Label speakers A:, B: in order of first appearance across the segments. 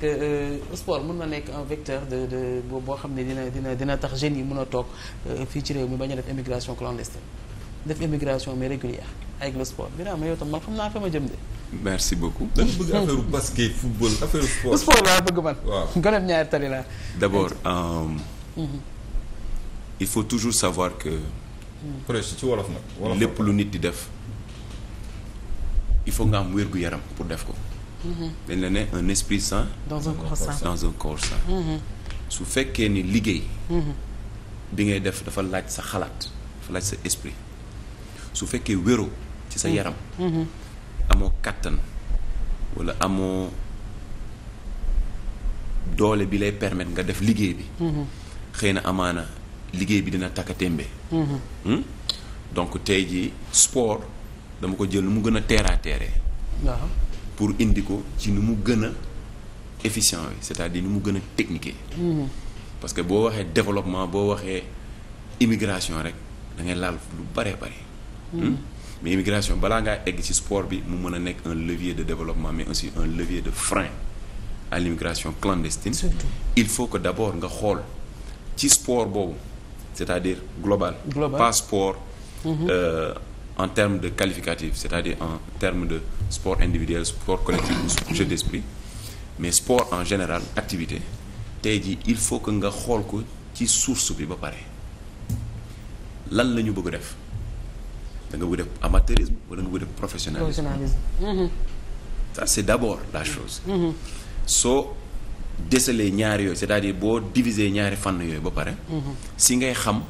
A: que euh, sport mën na nekk un vecteur de de boo xam ne dina dina dina tax jeunes yi mën a toog euh, fii ci réew mi bañ a def immigration clandestine def immigration mais régulière ay le sport Birame yow tam man xam naa fa ma jëm de. merci beaucoup. da nga bëgg affaire basket football affaire sport. sport laa bëgg man. waaw gën ñaari tali laa. d'abord euh, mm-hmm. il faut toujours savoir que. Mm. ci wolof nag. lépp lu nit di def il faut nga am wér gu yaram pour def ko. dañ la ne un esprit sain. dans un corps sain mm-hmm. su fekkee ni liggéey. Mm-hmm. bi ngay def dafa laaj sa xalaat dafa laaj sa esprit su fekkee wéroo ci sa mm-hmm. yaram. amoo kàttan walla amoo doole bi lay permettre nga def liggéey bi. xëy na amaana liggéey bi dina takk a hmm? donc tey ji sport dama ko jël mu gën a teeraa teeree. pour indi ko ci nu mu gën a efficient yi c'est-à-dire nu mu gën a technique yi hmm. parce que boo waxee développement boo waxee immigration rek da ngay laal lu bare bare hmm. Hmm? mais immigration balaa ngaa egg ci sport bi mu mën a nekk un levier de développement mais aussi un levier de frein à l'immigration clandestine Surtout. il faut que d'abord nga xool ci sport boobu c'est-à-dire global, global. en terme de qualificatif c'est-à-dire en terme de sport individuel sport collectif ou jeu d'esprit mais sport en général activité tey jii il faut que nga xool ko ci source bi ba pare lan lañu ñu bëgg def da nga bëgg def amateurisme wala nga bëgg def professionnalisme mhm. ça c'est d'abord la chose mhm. soo déceler ñaari yooyu c'est-à-dire boo diviser ñaari fànn yooyu ba pare mhm. si ngay xam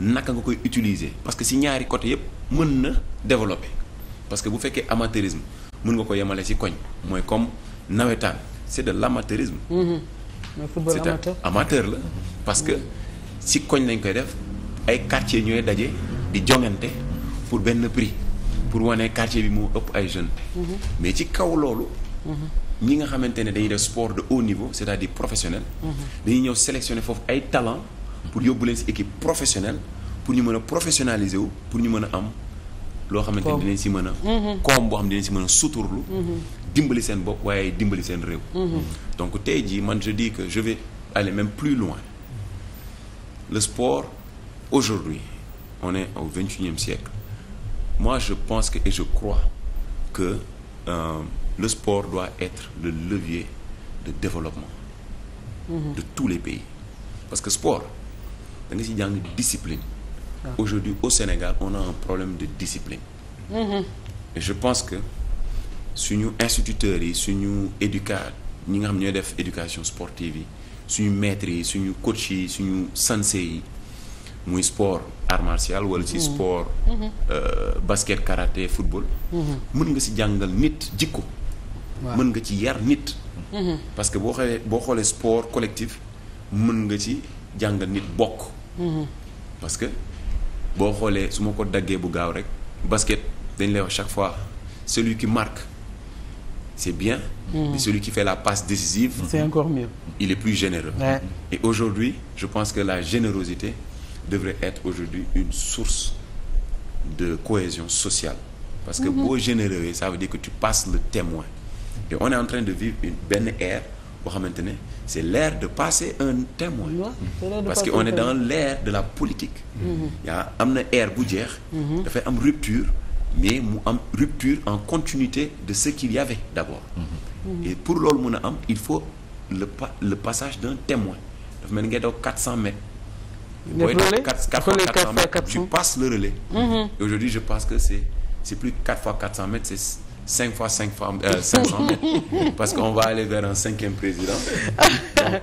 A: naka nga koy utiliser parce que si ñaari côté yëpp mën na développer parce que bu fekkee amateurisme mën nga ko yemale si koñ mooy comme nawetaan c'est de l'amateurisme mm-hmm. c'est un amateur la parce que si koñ lañ koy def ay quartier ñooy daje di jongante pour benn prix pour wane quartier bi moo ëpp ay jeunes mm-hmm. mais ci kaw loolu mm-hmm. ñi nga xamante ne dañu def sport de haut niveau c'est-à-dire professionnel dañuy ñëw sélectionner foofu ay talent pour yóbbu leen si équipe professionnelle pour ñu mën a professionnaliser wu pour ñu mën a am loo xam xamante ni dinañ si mën a mm-hmm. koom boo xam dinañ si mën a suturlu mm-hmm. dimbali seen bopp waaye dimbali seen réew mm-hmm. donc tey jii man je di que je vais aller même plus loin le sport aujourd'hui on est au vingt-et-unième siècle moi je pense que et je crois que euh, le sport doit être le levier de développement mm -hmm. de tous les pays parce que sport da nga ci jàng discipline ah. aujourd'hui au Sénégal on a un problème de discipline mm-hmm. et je pense que suñu instituteurs yi suñu éduca ñi nga xam ñooy def éducation sportive yi suñu maîtres yi suñu coach yi suñu sensei yi muy sport art martial wala ci mm-hmm. sport mm-hmm. Euh, basket karaté football mën nga ci jàngal nit jikko mën nga ci yar nit parce que boo xoolee boo xoolee sport collectif mën nga ci jàngal nit bokk parce que boo xoolee su ma ko daggee bu gaaw rek basket dañ lay wax chaque fois celui qui marque c'est bien. mais mm. celui qui fait la passe décisive. c'est encore mieux. il est plus généreux. Ouais. et aujourd'hui je pense que la générosité devrait être aujourd'hui une source de cohésion sociale. parce que mm-hmm. boo généreux ça veut dire que tu passes le témoin. et on est en train de vivre une benn aire boo xamante ne c' est l'ère de passer un témoin parce que on est dans l'ère de la politique mm-hmm. yaa am na ère bu jeex mm-hmm. dafay am rupture mais mu am rupture en continuité de ce qu'il y avait d'abord mm-hmm. et pour loolu mun a am il faut le pa le passage d'un témoin dafa mel ni ngay daw 400 mètres
B: booy daw 4 mètres
A: tu passes le relais et aujourd'hui je pense que c'est c'est plus 4 fois 400 mètres cinq fois cinq fois euh, cinq cent mètres parce que on va aller vers un cinquième président